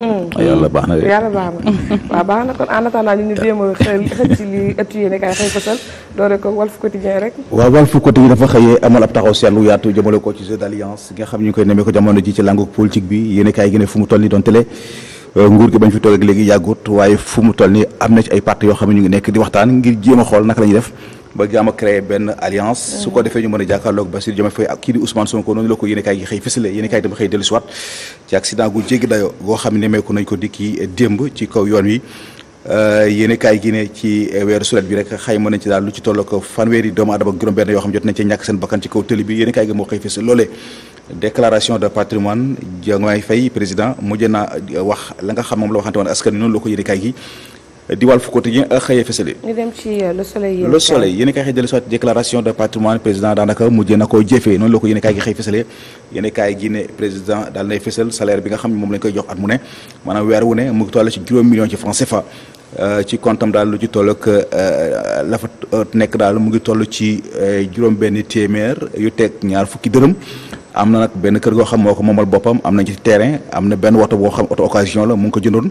Mm. Ah, yàlla baax na de yàlla baax na waaw baax na kon en attendant ñu ñu jéem a xëy xëy ci li ëtt yéene kaay xëy fasal doore ko Walf Quotidien rek waaw Walf Quotidien dafa xëyee amal ab taxaw seetlu yaatu jëmale ko ci jeu d'alliance nga xam ñu ngi koy nemee ko jamono ji ci làngu politique bi yéene kaay gi ne fu mu toll nii doon télé euh, nguur gi bañ fi toog léegi yàggut waaye fu mu toll nii am na ci ay part yoo xam ne ñu ngi nekk di waxtaan ngir jéem xool naka la def ba jaam a benn alliance su ko defee ñu mën a jàkkaarloog Bassirou Diomaye Faye ak fësale yéene ci accident gu jéggi ne meeku nañ ko dikki ci kaw yoon wi euh, yéene kaay gi ne ci weeru sulet bi rek xay ma nañ ci daal lu ci toll ko fanweeri doomu adama ak benn yoo xam jot nañ ci ñàkk seen bakkan ci kaw tëli bi yéene kaay gi moo xëy fësal loolee déclaration de patrimoine Diomaye Faye président mujj na wax la nga xam moom la waxante woon askan wi noonu la ko yéene kaay gi di Walf Quotidien xëyee euh, fësale. ñu dem ci euh, le soleil yéen le xëy dellu soit déclaration de président daanaka mujj na koo jëfee noonu la ko yéen a gi xëy fësale yéen a kaay gi ne président daal nay fësal salaire bi nga xam ne moom lañ koy jox at mu ne maanaam weer wu ne mu ngi toll ci juróom million ci franc euh, daal lu ci la fa nekk daal mu ngi toll ci juróom benn téeméer yu teg ñaar fukki dërëm am na nag benn kër goo xam moo ko moomal boppam am nañ ci terrain am na benn woto boo xam auto occasion la mu ngi ko jëndoon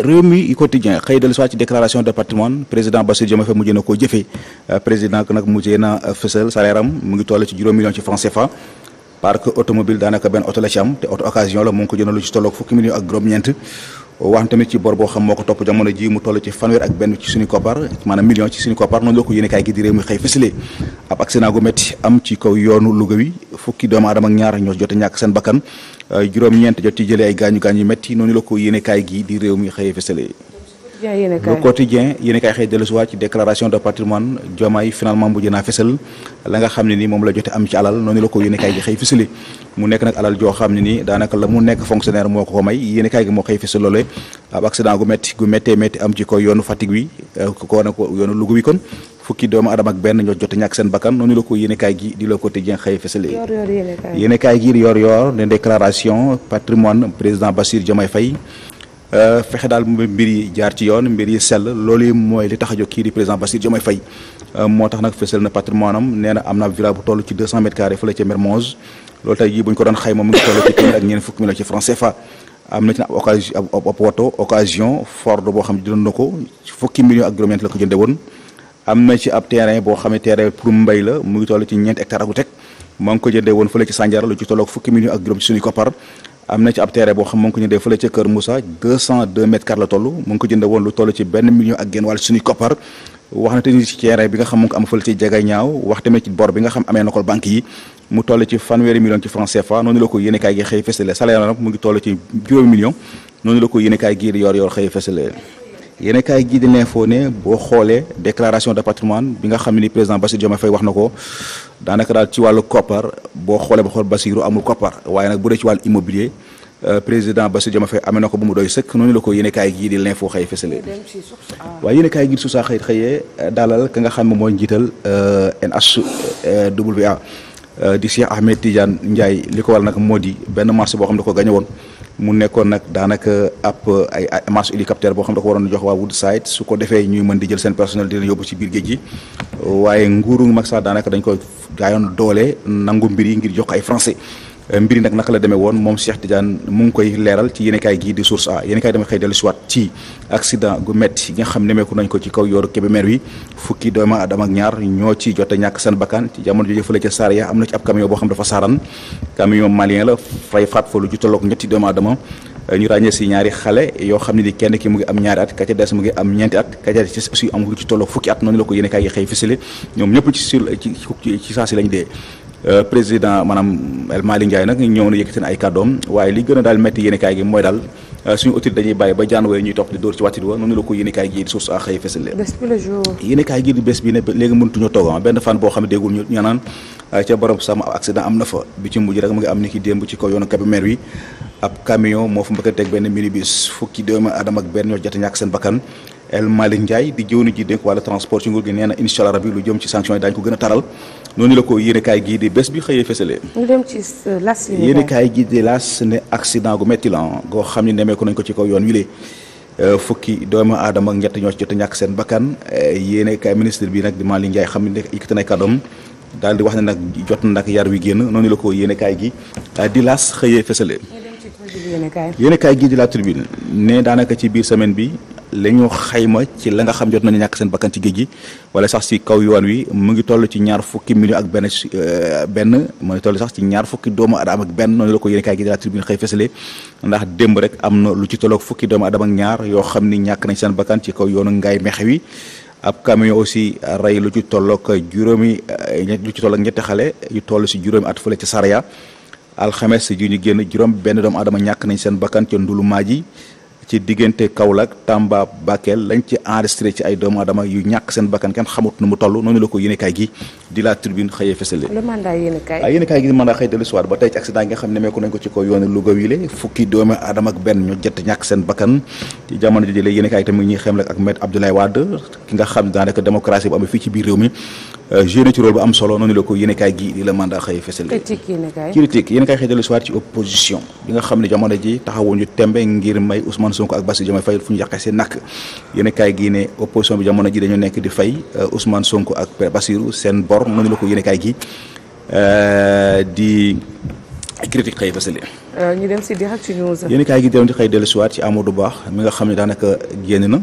réew mi quotidien xëy dellu soit ci déclaration de patrimoine président Bassirou Diomaye Faye mujj na koo jëfee euh, président nag mujjee na euh, fësal salaire am mu ngi toll ci juróom million ci franc CFA parc automobile daanaka benn oto la ci am te oto occasion la mu ngi ko jëndalu ci tolloog fukki million ak juróom-ñeent wax tamit ci bor boo xam moo ko topp jamono ji mu toll ci fanweer ak benn ci suñu koppar maanaam million ci suñu koppar noonu la ko yéenekaay gi di réew mi xëy fësale ab accident gu métti am ci kaw yoonu Louga wi fukki doomu aadama ñaar ñoo jot a ñàkk seen bakkan juróom-ñeent jot ci jëlee ay gaañu gaañu yu métti noonu la ko yéenekaay gi di réew mi xëy fësale le quotidien yéen kay xëy dellusiwaat ci déclaration de patrimoine Diomaye finalement mujj naa fësal la nga xam ne ni moom la jote am ci alal noonu la ko yéen kay gi xëy fësali mu nekk nag alal joo xam ne nii daanaka la mu nekk fonctionnaire moo ko ko may yéen kay gi moo xëy fësal loolee ab accident gu métti gu méttee ko yoonu Fatick wi euh, ko ko yoonu Louga wi kon fukki doomu adama ak benn ñoo jote ñàkk seen bakkan noonu di le quotidien xëy fësale yéen gi di yor ne déclaration patrimoine président Bassirou Diomaye Faye Euh, fexe daal mbir yi jaar ci yoon mbir yi sell lool yi mooy li tax a jóg kii di président euh, moo tax nag fësal na patrimoine am nee na am na villa bu toll ci 200 mètres carrés fële ca Mermoz loolu tey jii bu ñu ko doon xayma mu ngi toll ci téeméer ak ñeent fukki millions ci francs CFA boo xam ne jëndoon na ko fukki millions ak juróom-ñeent la ko jënde woon am na ci ab terrain boo xam ne terrain mu ngi toll ci ñeent hectares ak lu teg ngi ko jëndee woon fële ci Sandiara lu ci tolloog fukki millions ak juróom ci suñuy koppar am na ci ab terrain boo xam mu ngi ko jëndee fële ca Kër Moussa 202 mètres carrés la toll mu ngi ko jëndee woon lu toll ci benn million ak genn wàll suñu koppar wax na tamit ci terrain bi nga xam mu ngi am fële ci Jega ñaaw wax ci bor bi nga xam amee na ko banque yi mu toll ci fanweeri million ci franc CFA noonu la ko yéene kaay gi xëy fësale salaire nag mu ngi toll ci juróomi million noonu la ko yéene gi di yor yor yéen a kaay gii di l'info ne boo xoolee déclaration de patrimoine bi nga xam ne ni président Bassirou Diomaye Faye wax na ko daanaka daal ci wàllu koppar boo xoolee ba xool Bassirou amul koppar waaye nag bu dee ci wàllu immobilier euh, président Bassirou Diomaye Faye amee na ko bu mu doy sëkk noonu la ko yéen a kaay gii di l'info xëy fësale waaye yéen a kaay gii daalal susaa xëy xëyee euh, dalal ka nga xam ne mooy njiital euh, NHWA di Cheikh Ahmed Tidiane Ndiaye li ko waral nag moo di benn marché boo xam ne ko gañe woon mu nekkoon nag daanaka ab ay masse hélicoptère boo xam da ko waroon jox waa Woodside su ko defee ñuy mën di jël seen personnel di leen yóbbu ci biir géej gi waaye nguuru Macky Sall daanaka dañ koy gaayoon doole nangu mbir yi ngir jox ay français Eh, mbiri nag naka la deme woon moom Cheikh Tidiane mu ngi koy leeral ci yéenekaay gii di source a yéenekaay dama xëy dellu siwaat ci accident gu metti gi nga xam ne meeku nañ ko ci kaw yooru Kébémer wi fukki doomu aadama ñaar ñoo ci jot a seen bakkan ci jamono jooju fële am na ci ab camion boo xam dafa saaran camion malien la fay faat fa lu ju tolloog ñetti doomu aadama eh, xale yoo xam ne ni kenn ki mu ngi am ñaari at ka ca am ñeenti at ka ca des fukki at noonu la ko yéenekaay gi xëy fisale ñoom ñëpp ci ci saa si lañ dee Euh, président maanaam El Malick Ndiaye nag ñëw na yëkkati na ay kàddoom waaye li gën a daal métti yéen kaay gi mooy daal euh, suñu autorité dañuy bàyyi ba jaan wooye ñuy topp di dóor ci wàttit wa noonu la ko yéen kaay di bés bi ne léegi mënatuñu toog ah, benn fan boo xam ne déggul ñu ñanaan ah, ca borom sama accident am na fa bi ci mujj rek mu ngi am ni ki démb ci kaw yoonu Kébémer wi ab camion moo fa mbëkkanteeg benn minibus fukki doomu adama ak benn ñoo jot ñàkk seen bakkan El Malick Ndiaye di jëwni ji dénk wàllu transport ci nguur gi nee na incha allah rabi lu jëm ci sanction yi daañu ko gën a taral noonu la ko yéenekaay gii di bés bi xëyee fësale euh, yéenekaay gii di la goo xam ne nemee nañ ko ci kaw yoon wi euh, fukki doomu aadama ak ñoo ci jot a ñàkk seen bakkan euh, yéenekaay ministre bi nag di Malick Ndiaye xam ne yëkkati na kàddoom daal di wax ne nag jot na nag yar wi génn noonu la ko yéenekaay gi di las xëyee fësale yéenekaay gii di la tribune ne daanaka ci biir semaine bi li ñu xayma ci la nga xam jot nañu ñàkk seen bakkan ci géej gi wala sax si kaw yoon wi mu ngi toll ci ñaar fukki million ak benn euh, benn mu ngi toll sax ci ñaar fukki doomu adama ak benn noonu la ko yéen kaay gi di la tribune xëy ndax démb rek am na lu ci tolloog fukki doomu adama ñaar yoo xam ni ñàkk nañ seen bakkan ci kaw yoonu ngaay mexe wi ab camion aussi rey lu ci tolloog juróomi euh, lu ci tolloog ñetti xale yu toll si juróomi at fële ci Saraya alxames ji ñu génn juróom benn doomu adama ñàkk nañ seen bakkan ca Ndulu yi ci diggante Kaolack Tamba Bakel lañ ci enregistré ci ay doomu aadama yu ñàkk seen bakkan kenn xamut nu mu toll noonu la ko yéenekaay gi di la tribune xëyee fesale ah, euh, le mandat xëyee dellu soir ci opposition bi nga xam ne jamono ji taxawuñu tembe ngir may Ousmane Ousmane ak Bassirou Diomaye Faye fu ñu yàqee seen nakk yéen kaay gii ne opposition bi jamono ji dañoo nekk di fay euh, Ousmane Sonko ak Bassirou seen bor noonu la ko yéen kaay gi euh, di critique xëy fasale euh, ñu dem si direct kaay gi dem di xëy dellusiwaat ci du baax mi nga xam ne daanaka génn na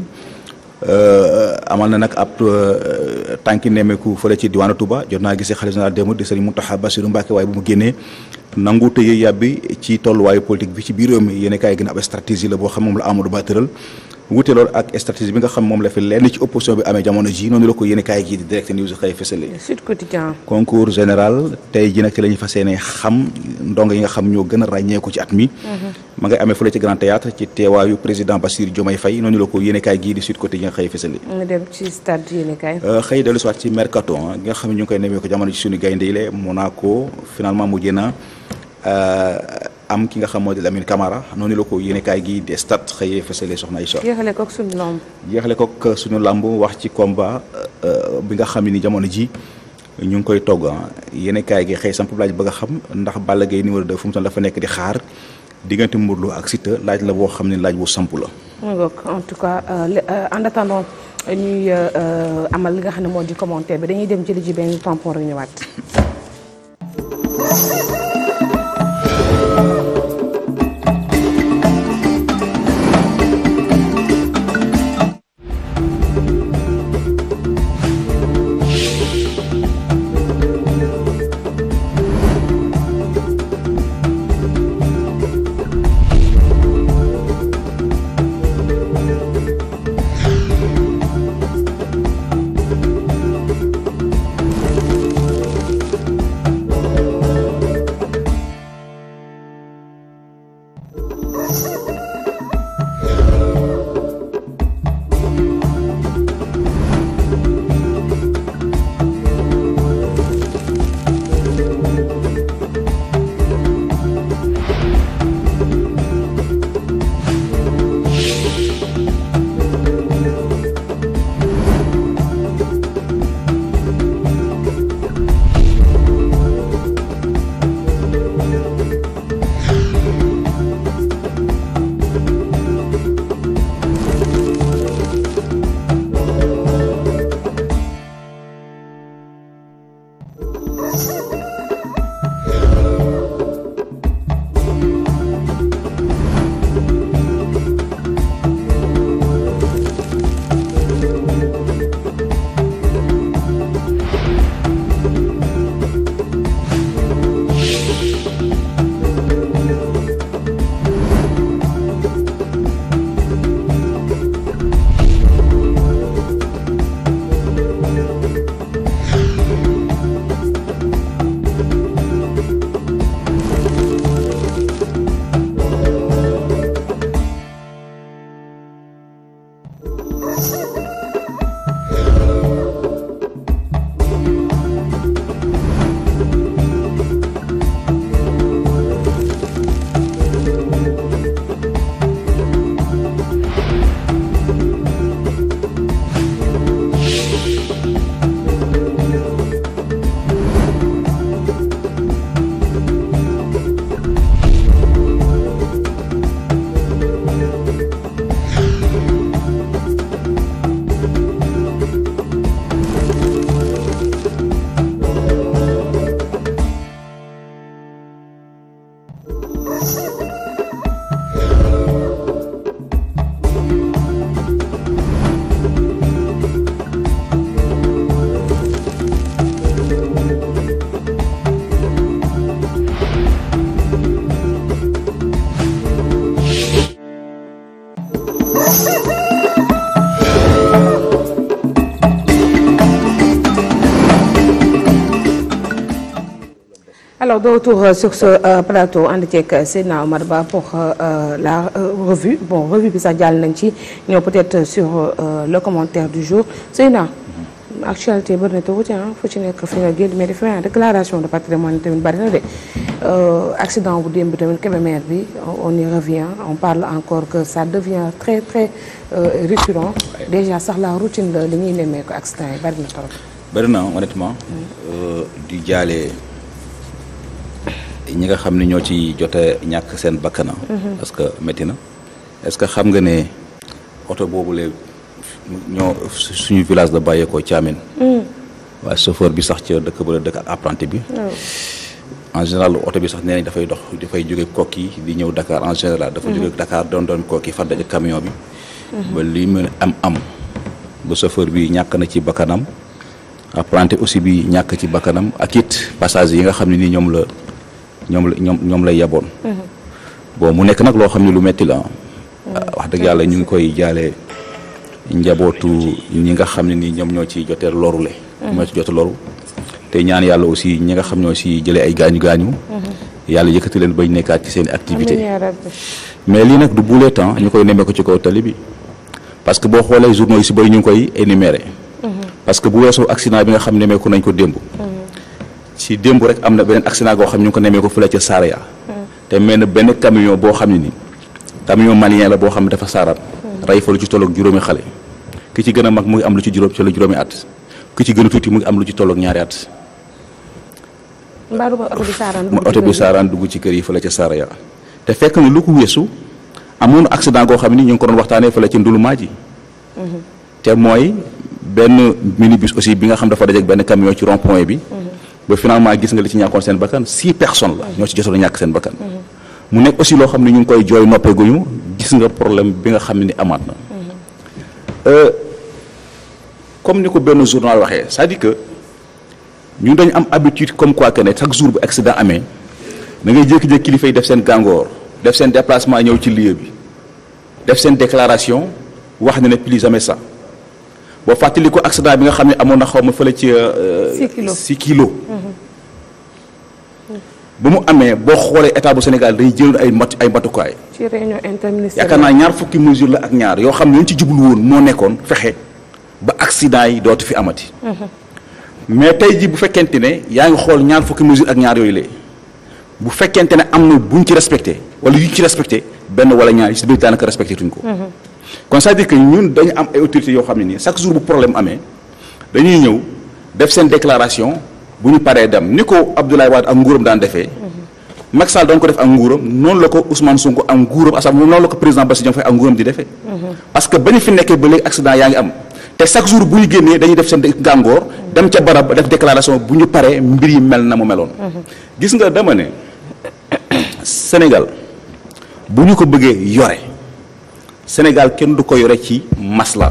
Euh, amal na nag ab euh, tànki nemmeeku fële ci diwaanu Touba jot na gisee xalifa général démb di sëriñ Mountakha Bassirou Mbacké waaye bu mu génnee nangu tëye yàbbi ci tolluwaayu politique bi ci biir réew mi yéen kaay gën ab stratégie la boo xam moom la Amadou Ba tëral wute loolu ak stratégie bi nga xam moom la fi lenn ci opposition bi amee jamono ji noonu la ko yéen gii di direct news xëy fësale Sud Quotidien concours général tey ji nag ci la ñuy fas xam ndongo nga xam ñoo gën a ràññeeku ci at mi mhm. ma ngay amee fële ci Grand Théâtre ci teewaayu président Bassirou Diomaye Faye noonu la ko yéen gii di Sud Quotidien xëy fësale euh, xëy dellu soit ci mercato ah, nga xam ñu ngi koy nemee ko jamono suñu gaynde am ki nga xam moo di Lamine Camara noonu la ko yéenekaay gi des stades xëyee fësale soxna Aïcha. jeexale ko suñu lamb. jeexale koog suñu lamb wax ci combat euh, bi nga xam ni jamono ji ñu ngi koy togg ah. yéenekaay gi xëy samp laaj bëgg a xam ndax Balla Gaye numéro 2 fu mu toll dafa nekk di xaar diggante Modou la boo xam ne samp la. Euh, euh, amal li nga xam ne moo di commentaire bi dañuy dem jëli ji benn a rek ñëwaat. alors de retour euh, sur ce euh, plateau ànd ceeg euh, Omar Ba pour la revue bon revue bi sax jàll nañ ci ñoo peut-être sur le commentaire du jour Seydina actualité bëri na tawuti foo ci nekk fi nga génn mais defe naa déclaration de patrimoine tamit de accident bu démb bi tamit Kébémer bi on y revient on parle encore que ça devient très très récurrent déjà sax la routine la li ñuy nemmee ko accident yi bëri ñi nga xam ne ñoo ci jote ñàkk seen bakkana mhm. parce que métti na ce que xam nga ne boobu boobule ñoo suñu village la bàyyeekoo Thiamène mhm. waaye chauffeur bi sax ca dëkk ba la dëkk ak apprenti bi oh. en général oto bi sax nee nañ dafay dox dafay jóge kokki di ñëw Dakar en général dafa mhm. jóge Dakar doon doon kokki fa daje camion bi ba li mu am am ba chauffeur bi ñàkk na ci bakkanam apprenti aussi bi ñàkk ci bakkanam ak it passagers yi nga xam ne nii ñoom la ñoom la ñoom ñoom lay yaboon. bon mu nekk nag loo xam ne lu metti la mm-hmm. wax dëgg yàlla ñu ngi koy jaale njabootu ñi nga xam ne ni ñoom ñoo ci jotee loru le mm-hmm. ñoo ci jot loru te ñaan yàlla aussi ñi nga xam ñoo ci jëlee ay gaañu gaañu. Mm-hmm. yàlla yëkkati leen bañ nekkaat ci seen activité mais lii nag du buulee temps ñu koy nemmee ko ci kaw tali bi parce que boo xoolee journaux yi si bëri ñu ngi koy énuméré parce que bu weesu accident bi nga xam ne nañ ko démb ci démb rek am na beneen accident goo xam ñu ngi ko nemee ko fële ca Saraya. te mel benn camion boo xam ne ni camion malien la boo xam ne dafa saaraan. rey fa lu ci tolloog juróomi xale. ki ci gën a mag mu ngi lu ci juróom ci juróomi at ki ci gën a tuuti mu am lu ci tolloog ñaari at. mbaaru ba oto dugg ci kër yi fële ca Saraya. te fekk na lu ko weesu amoon accident koo xam ne ñu ngi ko doon waxtaanee fële ca Nduluma ji. Mhm. te mooy benn minibus aussi bi nga xam dafa dajeeg benn camion ci rond bi. ba finalement gis nga li ci ñàkkoon seen bakkan six person la ñoo ci jotoon ñàkk seen bakkan mhm. mu nekk aussi loo xam ne ñu ngi koy jooy noppeeguñu gis nga problème bi nga xam ni amaat na mhm. euh, comme ni ko benn journal waxee cest di que ñu dañ am habitude comme quoi que ne chaque jour bu accident amee da ngay jékki kilifa yi def seen gàngoor def seen déplacement ñëw ci lieu bi def seen déclaration wax ne ne plus jamais ça boo fàttali ko accident bi nga xam ne amoon na xaw ma fële ci. 6 euh, kilos mm-hmm. ba mu amee boo xoolee état bu Sénégal dañuy jëloon ay mat ay matukaay. ci réunion yaakaar naa ñaar fukki mesure la ak ñaar yoo xam ne ñu ci jublu woon moo nekkoon fexe ba accident yi dootu fi amati. Mm-hmm. tey jii bu fekkente ne yaa ngi xool ñaar fukki mesure ak ñaar yooyu la bu fekkente ne am na buñ ci respecté wala yuñ ci respecté benn wala ñaar yi si biir daanaka respecté tuñ ko. Mm-hmm. kon c'est-à-dire que ñun dañu am ay autorités yoo xam ne nii chaque jour bu problème amee dañuy ñëw def seen déclaration bu ñu paree dem ni ko Abdoulaye Wade ak nguuram daan defee. Macky doon ko def ak nguuram noonu la ko Ousmane Sonko ak nguuram assemblée noonu la ko président Bassirou Diomaye Faye ak nguuram di defee. parce que ba ñu fi nekkee ba léegi accident yaa ngi am. te chaque jour bu ñu génnee dañuy def seen gàngoor dem ca barab def déclaration bu ñu Sénégal kenn du ko yore ci masla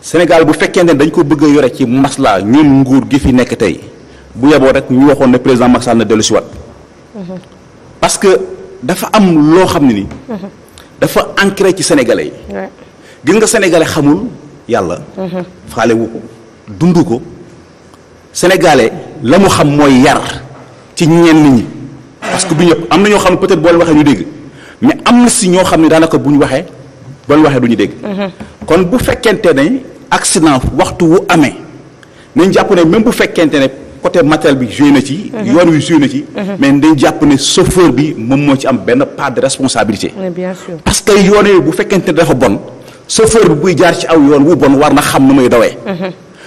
Sénégal bu fekkee ne dañ ko bëgg a yore ci masla ñun nguur gi fi nekk tey bu yeboo rek ñu waxoon na président Macky na dellu si waat parce que dafa am loo xam ne ni dafa ancré ci sénégalais yi gis nga sénégalais xamul yàlla mhm. faale wu ko dund ko sénégalais la mu xam mooy yar ci ñenn ñi parce du ñëpp am na ñoo xam ne peut waxee ñu dégg mais am na si ñoo xam ne daanaka bu ñu waxee ba ñu waxee du ñu dégg. Mhm. kon bu fekkente ne accident waxtu wu amee nañ jàpp ne même bu fekkente ne côté matériel bi joué na ci. Mhm. yoon wi joué na ci. Mhm. mais dañ jàpp bi moom moo ci am benn part de responsabilité. bien parce que yoon yi bu fekkente ne dafa bon chauffeur buy jaar ci aw yoon wu bon war na xam nu muy dawee.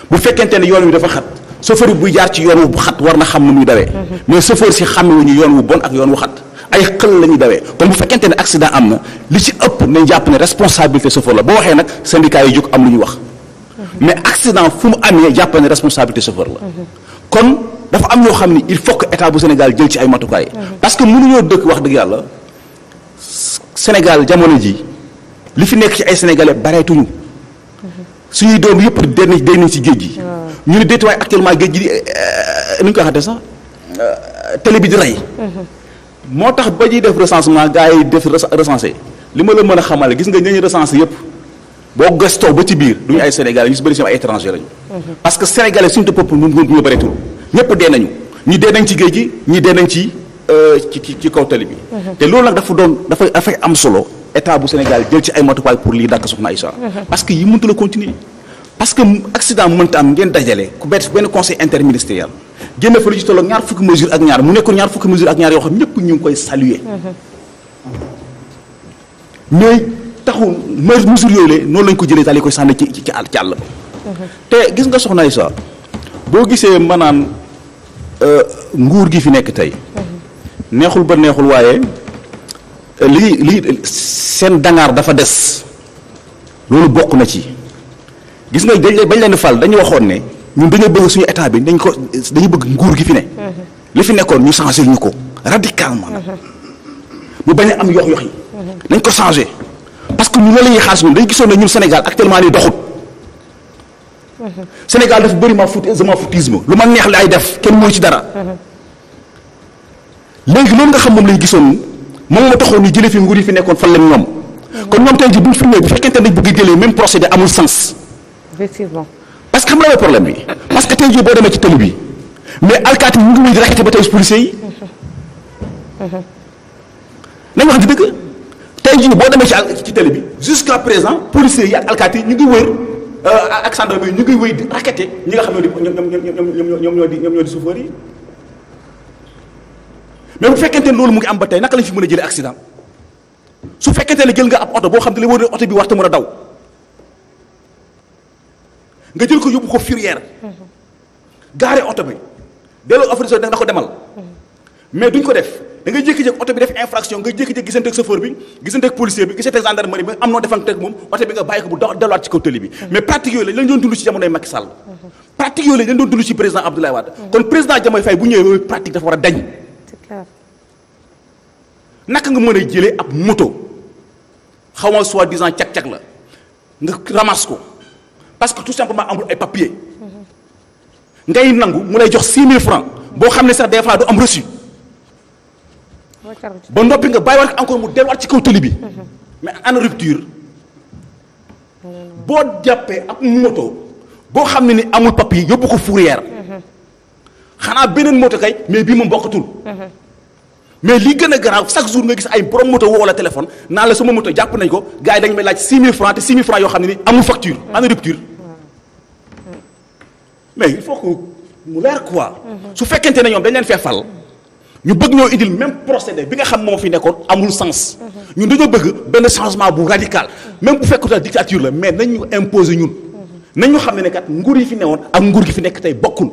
bu fekkente ne yoon wi dafa xat. chauffeur bi buy jaar ci yoon wu xat war na xam nu muy dawee. mais chauffeur si xàmme wu ñu yoon wu bon ak yoon wu xat. ay xël la ñuy dawee kon bu fekkente ne accident am na li ci ëpp nañ jàpp ne responsabilité chauffeur la boo waxee nag syndicat yi jóg am lu ñu wax mais accident fu mu amee jàpp ne responsabilité chauffeur la kon dafa am ñoo xam ne il faut que état bu Sénégal jël ci ay matukaay parce que mënuñoo dëkk wax dëgg yàlla Sénégal jamono ji li fi nekk ci ay sénégalais bareetuñu suñuy doom yëpp dee nañ dee nañ ci géej gi. ñu ne déet waaye géej gi ni euh, ñu ko waxatee sax euh, bi di rey. moo tax ba ñuy def recensement gars yi def recensé li ma la mën a xamale gis nga ñañu recensé yëpp boo gëstoo ba ci biir du ñu ay sénégalais ñu si bëri si ay étranger lañu. parce que sénégalais suñu peuple moom moom ñu bëreetul ñëpp dee nañu ñi dee nañ ci géej gi ñi dee nañ euh, ci ci ci kaw tali bi. te loolu nag dafa doon dafa dafay am solo état bu Sénégal jël ci ay matukaay pour lii dàkk soxna Aïcha. Mmh parce que yi mënut la continuer. parce que accident mënta am ngeen dajale ku bett benn conseil interministériel génn fa lu ci tolloog ñaar fukki mesure ak ñaar mu nekkoon ñaar fukki mesure ak ñaar yoo xam ñëpp ñu koy saluer mais taxu mesure mesures yooyu le noonu lañ ko jëlee daal koy sànni ci àll te gis nga soxna Aïssa boo gisee maanaam euh, nguur gi fi nekk tey neexul ba neexul waaye lii lii seen dangaar dafa des loolu bokk na ci gis nga dañ leen bañ leen fal dañu waxoon ne ñun dañoo bëgg suñu état bi dañ ko dañu bëgg nguur gi fi ne. Mhm. li fi nekkoon ñu changé ñu ko radicalement. Mhm. mu bañ am yox-yox yi. Mhm. ko changé parce que ñun loolu la ñuy gisoon ne ñun Sénégal actuellement nii doxut. Sénégal dafa bëri ma foot footisme lu ma neex laay def kenn mooy ci dara. léegi loolu nga xam moom lañ gisoon moom ma taxoon ñu jëlee fi nguur yi fi nekkoon fan lañ ñoom. kon ñoom tey jii bu ñu fi bu fekkente ne dañ bëgg a jëlee même procédé amul sens. effectivement parce que xam nga problème bi parce que tey jii boo demee ci tëli bi mais alkaati mu ngi wéy di rakkati ba tey policiers boo demee ci ci bi jusqu' à présent policiers yi ak alkaati ñu ngi wër euh, ak gendarmerie ñu ngi wéy di rakkati ñi nga xam ne ñoom ñoom ñoom ñoo di ñoom ñoo di chauffeur yi mais bu fekkente ne loolu mu ngi am ba tey naka lañ fi mën a jëlee accident su fekkente ne jël nga ab oto boo xam ne li wër oto bi war te mën a daw. nga jël ko yóbbu ko fourrière. gaare oto bi delloo autorisation da nga ko demal. mais duñ ko def da nga jékki-jékki oto bi def infraction nga jékki-jékki gisanteeg chauffeur bi gisanteeg policier bi bi am noo defanteeg bi nga bàyyi ko bi. mais pratique yooyu lañ doon dund ci jamonoy Macky Sall. pratique yooyu lañ doon dund ci président Abdoulaye Wade. kon président Diomaye Faye bu ñëwee pratique dafa war a dañ. naka nga mën a jëlee ab moto xaw soi parce que tout simplement amul ay papier ngay nangu mu lay jox 6000 francs boo xam ne sax des fois du am reçu. ba noppi nga bàyyiwaat encore mu delluwaat ci kaw tëli bi. mais en rupture. boo jàppee ak moto boo xam ne ni amul papier yóbbu ko fourrière. xanaa beneen moto kay mais bii moom bokkatul. mais li gën a garaaw chaque jour nga gis ay borom moto woo téléphone naan la sama moto jàpp nañ ko gars yi dañ may laaj 6000 francs te 6000 francs yoo xam ne ni mais il faut que mu leer quoi. su fekkente ne ñoom dañ leen fee fal. ñu bëgg ñoo indil même procédé bi nga xam moo fi nekkoon amul sens. ñun dañoo bëgg benn changement bu radical. même bu fekkoon ne dictature la mais nañ ñu imposer ñun. nañ xam ne ne nguur yi fi newoon ak nguur gi fi nekk tey bokkul.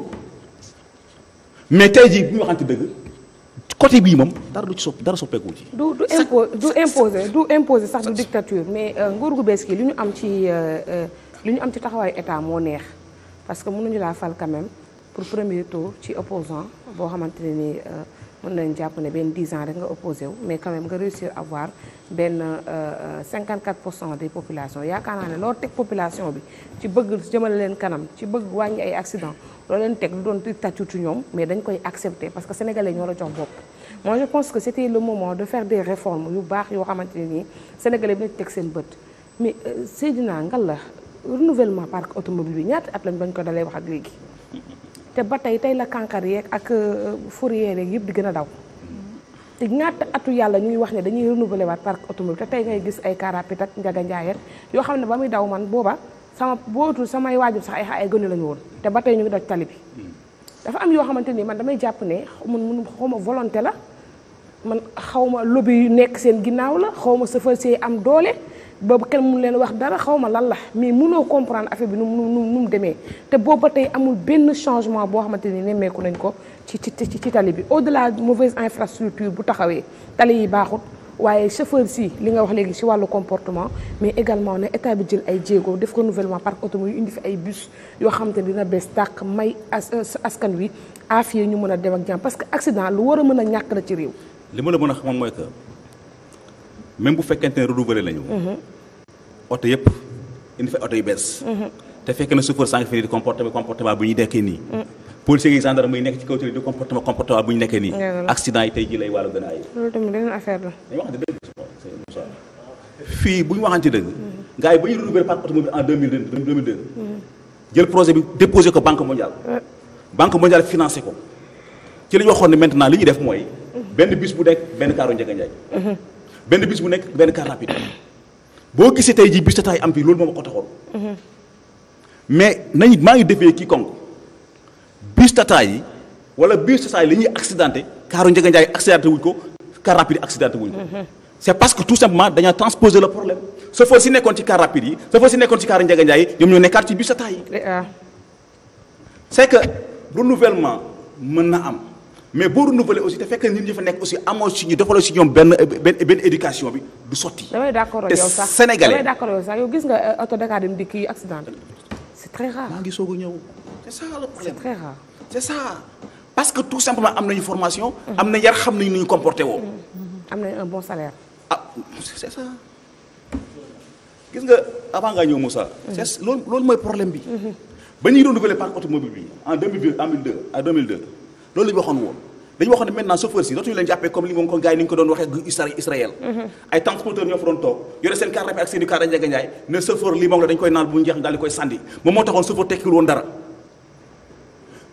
mais tey jii bu ñu waxante dëgg côté bii moom dara du ci soppi dara soppeeku ci. du du impo du imposer sax du dictature mais euh, nguur gu bees gi li ñu am ci euh, euh, li ñu am ci taxawaayu état moo neex. parce que mënuñu laa fal quand même pour premier tour ci opposant boo xamante ne ni euh, mën nañ jàpp ne benn dix ans rek nga opposé wu mais quand même nga réussir avoir benn 54 euh, euh, pour cent des populations yaakaar naa ne loo teg population bi ci bëgg jëmale leen kanam ci bëgg wàññi ay accident loo leen teg lu doon di tàccu ci ñoom mais dañ koy accepter parce que sénégalais ñoo la jox bopp moi je pense que c'était le moment de faire des réformes yu baax yoo xamante ne nii sénégalais bi na teg seen bët mais Seydina ngal la renouvellement parc automobile bi ñaata at lañ bañ ko dalay wax ak léegi te ba tey tey la kànkar yeeg ak euh, fourrière yeeg yëpp di gën a daw te ñaata atu yàlla ñuy wax ne dañuy renouveler waat parc automobile te tey ngay gis ay car rapide ak njaga njaay yoo xam ne ba muy daw man booba sama bootul samay waajur sax ay ay gënu lañu woon te ba tey ñu ngi doj tali bi dafa am yoo xamante ni man damay jàpp ne mun xaw ma volonté la man xawma lobby yu nekk seen ginnaaw la xawma chauffeur am doole boobu kenn mun leen wax dara xaw ma lan la mais mënoo comprendre affaire bi nu mu nu mu demee te boobu ba tey amul benn changement boo xamante ni nemmeeku nañ ko ci ci ci tali bi au delà mauvaise infrastructure bu taxawee tali yi baaxut waaye chauffeur si li nga wax léegi ci wàllu comportement mais également ne état bi jël ay jéego def ko renouvellement parc automobile yu indi fi ay bus yoo xam te dina bees tàq may askan wi afiye ñu mën a dem ak jàmm parce que accident lu war a mën a ñàkk la ci réew. li ma la mën a xamoon mooy que. même bu fekkente ne renouvelé nañu. Mm-hmm. oto yëpp indi fa oto yu bees. Mm-hmm. te fekk na chauffeur saa ngi fi di comportement comportement bu ñu nekkee nii. Mm-hmm. policier yi gendarme yi nekk ci kaw ci di comportement comportement bu ñu nekkee nii. accident yi tey jii lay gën a ay. loolu tamit beneen la. dañu wax dëgg fii bu ñu waxante dëgg. gars ba ñu renouvelé parc automobile en deux mille jël projet bi déposé ko banque mondiale. banque mondiale financé ko. ci li waxoon ne maintenant li ñu def mooy. a benn bis bu nekk benn car rapide boo gisee tey jii bis tata yi am fii loolu moo ko taxoon. mais nañu maa ngi defee kii konk bis tata yi wala bis tata yi la ñuy accidenté caaru Ndiaga Ndiaye accidenté wuñ ko car yi accidenté wuñ ko. c' parce que tout simplement dañoo transposer le problème chauffeur si nekkoon ci car rapide yi chauffeur si nekkoon ci caaru Ndiaga Ndiaye ñoom ñoo nekkaat ci bis tata yi. que renouvellement mën na am. mais boo renouveler aussi te fekk nit ñi fa nekk aussi amoo ci ñu defaloo ci ñoom benn benn benn éducation bi du sotti. damay d'accord yow sax te sénégalais damay sax yow gis nga oto euh, parce que tout simplement am nañu formation. am na yar xam nañu nu comporté woo. Mm-hmm. Mm-hmm. am nañu un bon salaire. ah c'est ça gis nga ngaa ñëw Moussa. c'est mm-hmm. loolu loolu mooy problème bi. ba ñuy renouveler parc automobile bi en deux en loolu la ñu woon. dañu waxoon ne maintenant chauffeur si dootuñu leen jàppee comme li moom ko gars ko doon waxee Isra Israël mhm. ay transporteur ñoo fa doon toog yore seen carte seen i carte Ndiaga Ndiaye ne chauffeur lii moom la dañ koy naan bu njeex daal di koy sànni moom moo taxoon chauffeur tekkiwul woon dara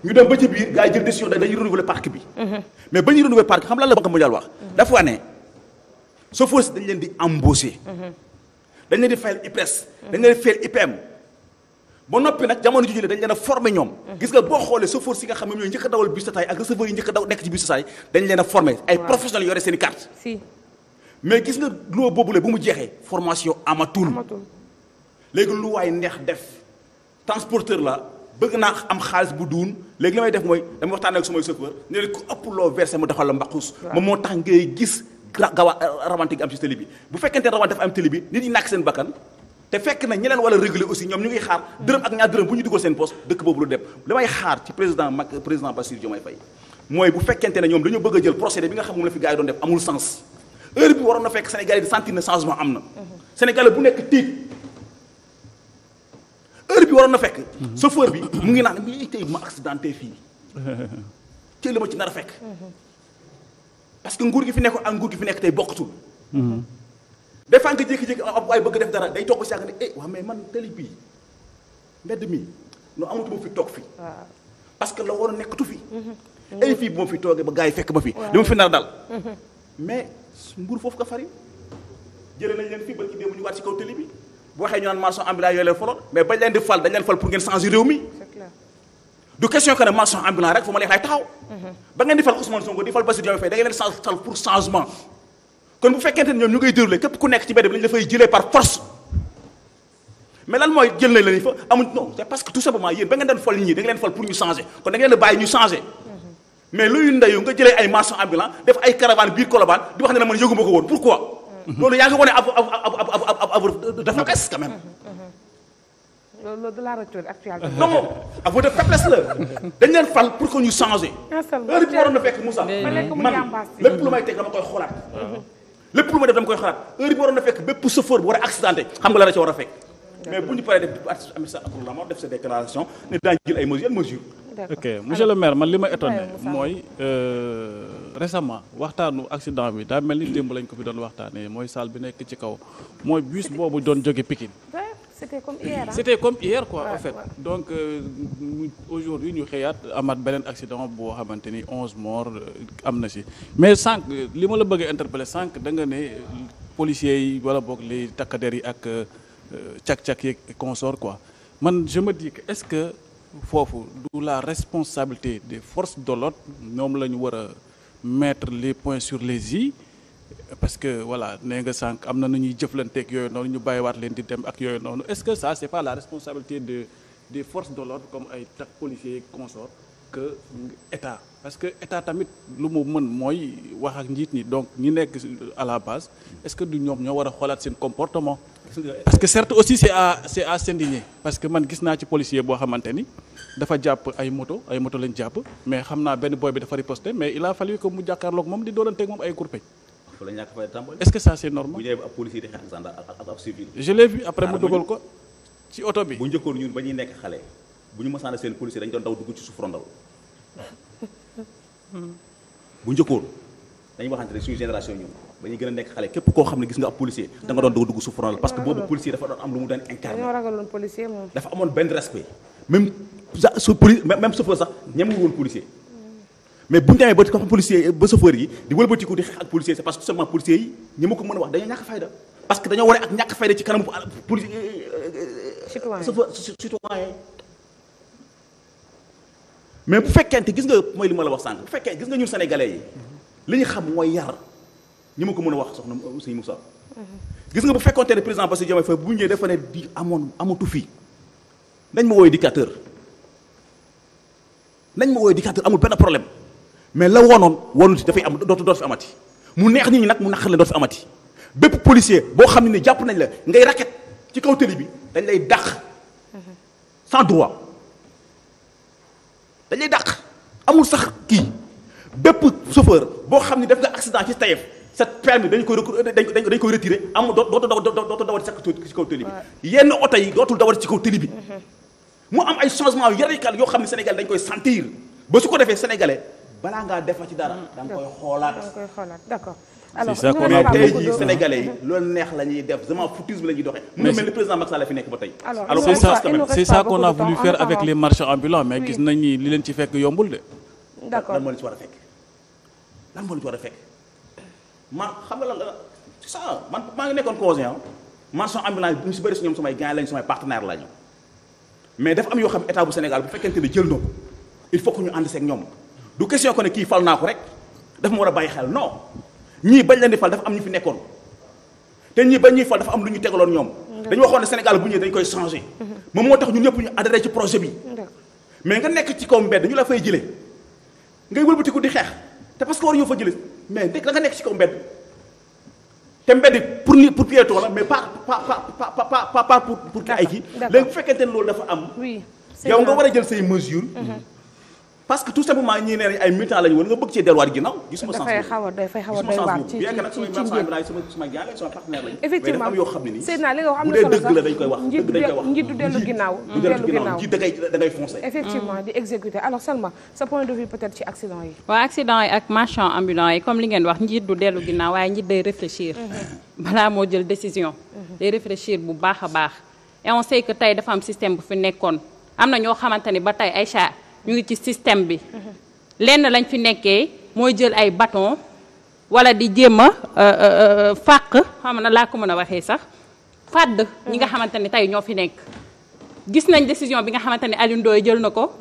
ñu dem bi mhm. mais ba ñuy renouveler parc xam lan la Banque mondiale wax mhm. dafa ne chauffeur si dañ leen di embaucher dañ leen di fayal IPRES dañ leen di fayal IPM ba noppi nag jamono jooju ne dañ leen a formé ñoom gis nga boo xoolee chauffeur si nga xam ne ñooy njëkk a dawal bus tataay ak receveur yi njëkk a daw nekk ci bus tataay dañ leen a formé ay professionnels yore seen i mais gis nga loo boobule bu mu jeexee formation amatul léegi lu waay neex def transporteur la bëgg naa am xaalis bu duun léegi li may def mooy dama waxtaan su sumay chauffeur ne leen ku ëpp loo versé mu doxal la mbaqus moom moo tax ngay gis gawa rawante gi am ci télé bi bu fekkente rawante dafa am télé bi nit ñi nàkk seen bakkan te fekk na ñi leen war a réguler aussi ñoom ñu ngi xaar dërëm ak ñaar dërëm bu ñu dugal seen poste dëkk boobu lu dem li may xaar ci président Mac président Bassirou Diomaye Faye mooy bu fekkente ne ñoom dañoo bëgg a jël procédé bi nga xam moom la fi gars yi doon def amul sens heure bi waroon na fekk Sénégal yi bi waroon na fekk chauffeur mu ngi naan mi tey ma accidenté fii tey li ma ci nar a fekk parce que nguur gi fi nekk ak nguur gi fi nekk tey bokkatul des fois nga jékki-jékki ah, ab waay bëgg def dara day toog ba si àgg ne eh waa mais man tëli bii mbedd mi nu amatuma fi toog fi parce que la waroon nekkatu fi mhm. mm-hmm. ay fii bu ma fi toogee ba gars fekk ma fi li ma fi nar dal mm-hmm. mais mbur foofu ka fari jëlee nañ leen fii ba ci démb ñu waat si kaw tëli bi bu waxee ñu naan marchand ambulant yooyu leen faloon mais bañ leen di fal dañ leen fal pour ngeen changer réew mi du question que ne marchand ambulant rek fu ma leen xay taxaw mm-hmm. ba ngeen kon bu fekkente ne ñoom ñu ngay déroulé képp ku nekk ci mbedd bi lañ dafay jëlee par force mais mooy jël nañ la ni fa amuñ non c'est parce que tout simplement yéen ba ngeen doon fal ñii da nga leen fal pour ñu changer kon ñu changer mais la man yëguma ko woon pourquoi. loolu yaa ngi wane leen fal pour que ñu changer. heure bi waroon na fekk Moussa man lu may teg dama koy xoolaat. lépp lu ma def dama koy xalaat heure bi waroon na fekk bépp chauffeur bu war a accidenté xam nga la da ci war a fekk mais bu ñu paree def artiste Ameth sa déclaration ne daañu jël ay mesures mesures ok monsieur le maire man li ma étonné mooy euh, récemment waxtaanu accident bi daa mel ni démb lañ ko fi doon waxtaanee mooy salle bi nekk ci kaw mooy bus boobu doon jóge Pikine c'était comme hier c'était comme hier quoi en fait donc euh, aujourd'hui ñu xëyaat amaat beneen accident boo xamante ni onze morts euh, am na si mais sànq euh, li ma la bëggee a interpeller sànq da nga ne policier yi wala boog les takkader yi ak cak-cak yeeg consort quoi man je me dis est-ce que foofu du la responsabilité des force de l'ordre ñoom la ñu war a mettre les points sur les yi parce que voilà nee nga sànq am na nu ñuy jëflanteeg yooyu noonu ñu bàyyiwaat leen di dem ak yooyu noonu est-ce que ça c'est pas la responsabilité de des forces de l'ordre comme ay tak policiers consorts que état parce que état tamit lu mu mën mooy wax ak njiit ñi donc ñu nekk à la base est-ce que du ñoom ñoo war a xoolaat seen comportement. parce que certes aussi c'est à c'est à s'indigner parce que man gis naa ci policier boo xamante ni dafa jàpp ay moto ay moto lañ jàpp mais xam naa a fallu que mu moom di doolanteeg moom ay kurpeñ. fa la ñàkk fay tàmbali est-ce que ça c'est normal bu ñu ab oto bi bu njëkkoon ñun ba ñuy nekk xale bu ñu mësaan seen policier dañu doon daw dugg ci suuf rondaw bu njëkkoon dañuy waxante rek suñu génération ñun ba ñuy gën a nekk xale képp koo xam ne gis nga ab policier da nga doon dugg dugg suuf rondaw parce que boobu ah. policier dafa doon am lu mu doon incarné dañoo ragaloon dafa amoon benn respect même sa même chauffeur sax ñemewul woon policier mais bu ñu demee ba comme policier ba chauffeur yi di wëlbatiku di xeex ak policier c'est parce que seulement policier yi ñi ma ko mën a wax dañoo ñàkk fayda parce que dañoo war ak ñàkk fayda ci kanam euh, euh, euh, mais bu fekkente gis nga mooy li ma la wax sànq bu fekkee gis nga ñun sénégalais yi li ñu xam mooy yar ñu ma ko mën a wax soxna sëñ Moussa mm-hmm. gis nga bu fekkonte ne président Bassirou Diomaye Faye bu ñëwee dafa ne di amoon amatu fii nañ ma wooye dictateur nañ ma wooye dictateur amul benn problème mais la wonoon wonul ci dafay am dootu dootu fi amati mu neex nit ñi nag mu naqar leen dootu fi amati bépp policier boo xam ne jàpp nañ la ngay raket ci kaw téli bi dañ lay dàq sans droit dañ lay dàq amul sax kii bépp chauffeur boo xam ne def nga accident ci Taïf sa permis dañ koy dañ dañ koy retiré am dootul dootul ci kaw tëli bi. yenn oto yi dootul dawal ci kaw tëli bi mm-hmm. mu am ay changement radical yoo xam ne Sénégal dañ koy sentir ba su ko defee sénégalais. balaa ngaa defa ci dara da koy xoolaat da nga koy xoolaat d'accord alors mais neex la ñuy def vraiment foutisme la ñuy doxee. mu ngi mel ni président fi nekk ba tey. alors c'est ça c'est ça qu'on a voulu faire avec les marchands ambulants mais gis nañ ni li leen ci fekk yombul de. d'accord lan moo leen ci war a fekk lan moo leen ci war a fekk man xam nga la c'est man maa ngi nekkoon conseil ah marchands bu ñu si bëri si ñoom samay gars lañ samay partenaires lañu mais dafa am yoo xam état bu Sénégal bu fekkente ne jël na il faut que ñu ànd seek ñoom du question ko ne kii fal naa ko rek daf ma war a bàyyi xel non ñii bañ leen di fal dafa am ñu fi nekkoon te ñii bañ ñuy fal dafa am lu ñu tegaloon ñoom. dañu waxoon ne Sénégal bu ñëwee dañ koy changé. Mm-hmm. moom moo tax ñun ñëpp ñu adhéré ci projet bi. mais nga nekk ci kaw mbedd ñu la fay jëlee ngay wëlbatiku di xeex te parce que war ñoo fa jëlee mais dëkk da nga nekk ci kaw mbedd te mbedd pour ni pour piéton la mais pas pas pas par pas pour pour ay kii. léegi bu fekkente ne loolu dafa am. yow nga war a jël say mesures. Mm-hmm. parce que tout simplement ñii ne ay militants lañu woon nga bëgg cee delluwaat ginnaaw. gisuma sens boobu dafay xaw a dafay xaw a doy waar ci ci ci ci nag sama sama gars lañ sama partenaire lañ. effectivement am yoo xam ne nii Seydina li nga wax am na solo sax bu dee dëgg la dañ koy wax dëgg dañ koy wax njiit du dellu ginnaaw. du dellu ginnaaw njiit da ngay da ngay foncé. effectivement di exécuter alors Salma sa point de vue peut-être ci accident yi. waaw accident yi ak marchand ambulant yi comme li ngeen wax njiit du dellu ginnaaw waaye njiit day réfléchir. Mhm. balaa moo jël décision. Mhm. day réfléchir bu baax a baax. et on sait que tey dafa am système bu fi nekkoon am na ñoo xamante ni ba tey Aïcha ñu ngi ci système bi lenn lañ fi nekkee mooy jël ay baton wala di jéem a euh, euh, euh, fàq xam na laa ko mën a waxee sax fàdd ñi nga xamante ne tey ñoo fi nekk gis nañ décision bi nga xamante ne Alioune jël na ko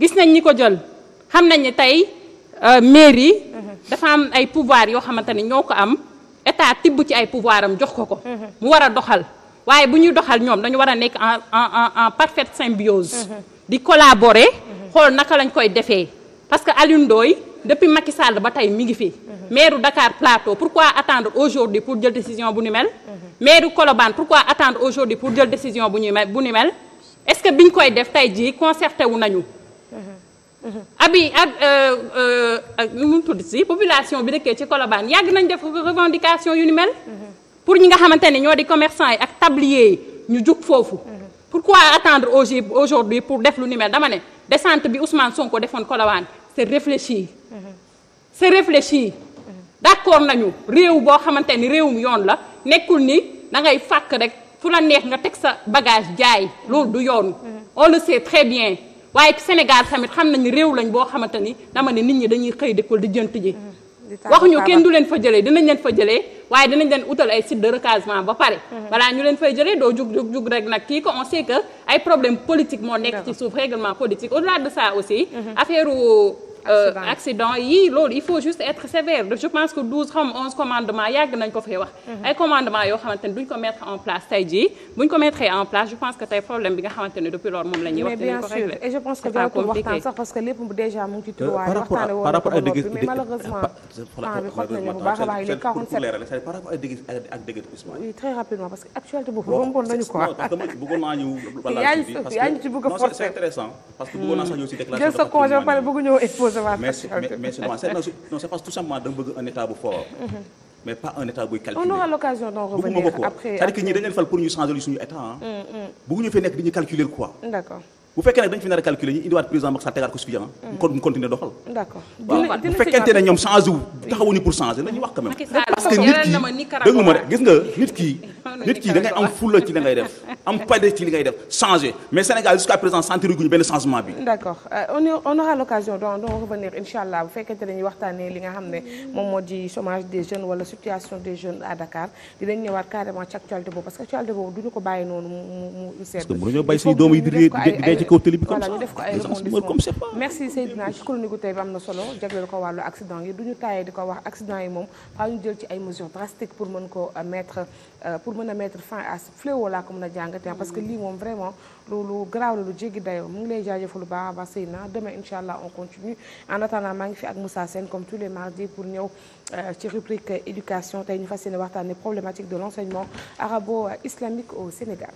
gis nañ ñi ko jël xam nañ ne tey mairie dafa am ay pouvoir yoo xamante ne ñoo ko am état tibb ci ay pouvoir am jox ko ko mu war a doxal waaye bu ñuy doxal ñoom dañu war a nekk en en en parfaite symbiose di collaborer. xool naka lañ koy defee parce que Alioune Ndoye depuis Macky Sall ba tey mi ngi fi. maire Dakar Plateau pourquoi attendre aujourd'hui pour jël décision bu ni mel. maire Colobane pourquoi attendre aujourd'hui pour jël décision bu ñu mel bu ni mel est-ce que biñ koy def tey jii concerté wu nañu. abi euh, euh, ak nu mu tudd si population bi dëkkee ci Colobane yàgg nañ def revendication yu ni mel. pour ñi nga xamante ne ñoo di commerçant yi ak tablier yi ñu jug foofu. pourquoi attendre aujourd'hui pour def lu ni mel dama ne descente bi Ousmane Sonko defoon Colobane c'est réfléchi mm-hmm. c'est réfléchi mm-hmm. d'accord nañu réew boo xamante ni réewum yoon la nekkul ni da ngay fàkk rek fu la neex nga teg sa bagage jaay loolu du yoon mm-hmm. on le sait très bien waaye Sénégal tamit xam nañu réew lañ boo xamante ni dama ne nit ñi dañuy xëy di ko lijjanti ji waxuñu kenn du leen fa jëlee dinañ leen fa jëlee waaye dinañ leen utal ay sites de recasement ba pare mm-hmm. balaa ñu leen fay jëlee doo jug jug jug rek nag kii ko on ay problème politique moo nekk ci suuf règlement au delà de ça aussi mm-hmm. affaire Euh, accident yii loolu il faut juste être sévère je pense que 12 xam 11 commandement yàgg nañ ko fee wax mhm. ay commandement yoo xamante ne duñ ko mettre en place tey jii buñ ko mettre en place je pense que tey problème bi nga xamante ne depuis loolu moom la wax mais euh, bi xot nañu bu baax a baax il très rapidement parce que actualité boobu romboon nañu ko bëggoon naa ñëw yaa ngi ci bëgg a forcer c'est intéressant parce que bëggoon naa sax ñëw si déclaration jël sa congé redevance. mais non c'est parce tout simplement da bëgg un état bu fort. Mm-hmm. mais pas un état buy calculer. on aura l'occasion d'en revenir après cest ñii dañ fal pour ñu changer suñu mm-hmm. ñu fekkee mm-hmm. ne ñoom changé wu taxawuñu pour changer nañu wax quand même. nit ki dégg ma rek gis nga nit ki. nit ki da am fulla ci la ngay am pàdé ci li ngay def changer mais Sénégal jusqu'à présent sentir guñu benn changement bi. d'accord on euh, on aura revenir incha allah bu fekkente ne ñu waxtaanee li nga xam ne moom moo di chômage des jeunes wala situation des jeunes à Dakar dinañ ñëwaat carrément ci actualité boobu parce que actualité boobu duñu ko bàyyi noonu mu mu seet. parce que bàyyi say doom yi di def ko ay rebondissement merci Seydina ci chronique gu tey bi am na solo euh, euh, a mettre fin à ce fléau 21 parce que lii moom vraiment lu lu garaaw la lu jéggi dayoo mu ngi lay jaajëfal lu baax a baax Seyna demain incha allah on continue en attendant maa ngi fi ak Moussa Sène comme tous les mardis pour ñëw euh, ci rubrique euh, éducation tey ñu fas yéene waxtaanee problématique de l'enseignement arabo islamique au Sénégal.